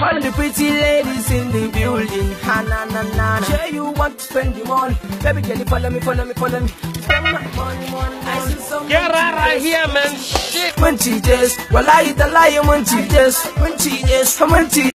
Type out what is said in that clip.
All the pretty ladies in the building. Ha na na na. na. Sure you want to spend the money. Baby girl, follow me, follow me, follow me. Spend my money, money. I see some. Get out right here, man. Shit. Munchie, yes. Well, I eat the lion, just. munchie, yes. Munchie, yes. Munchie.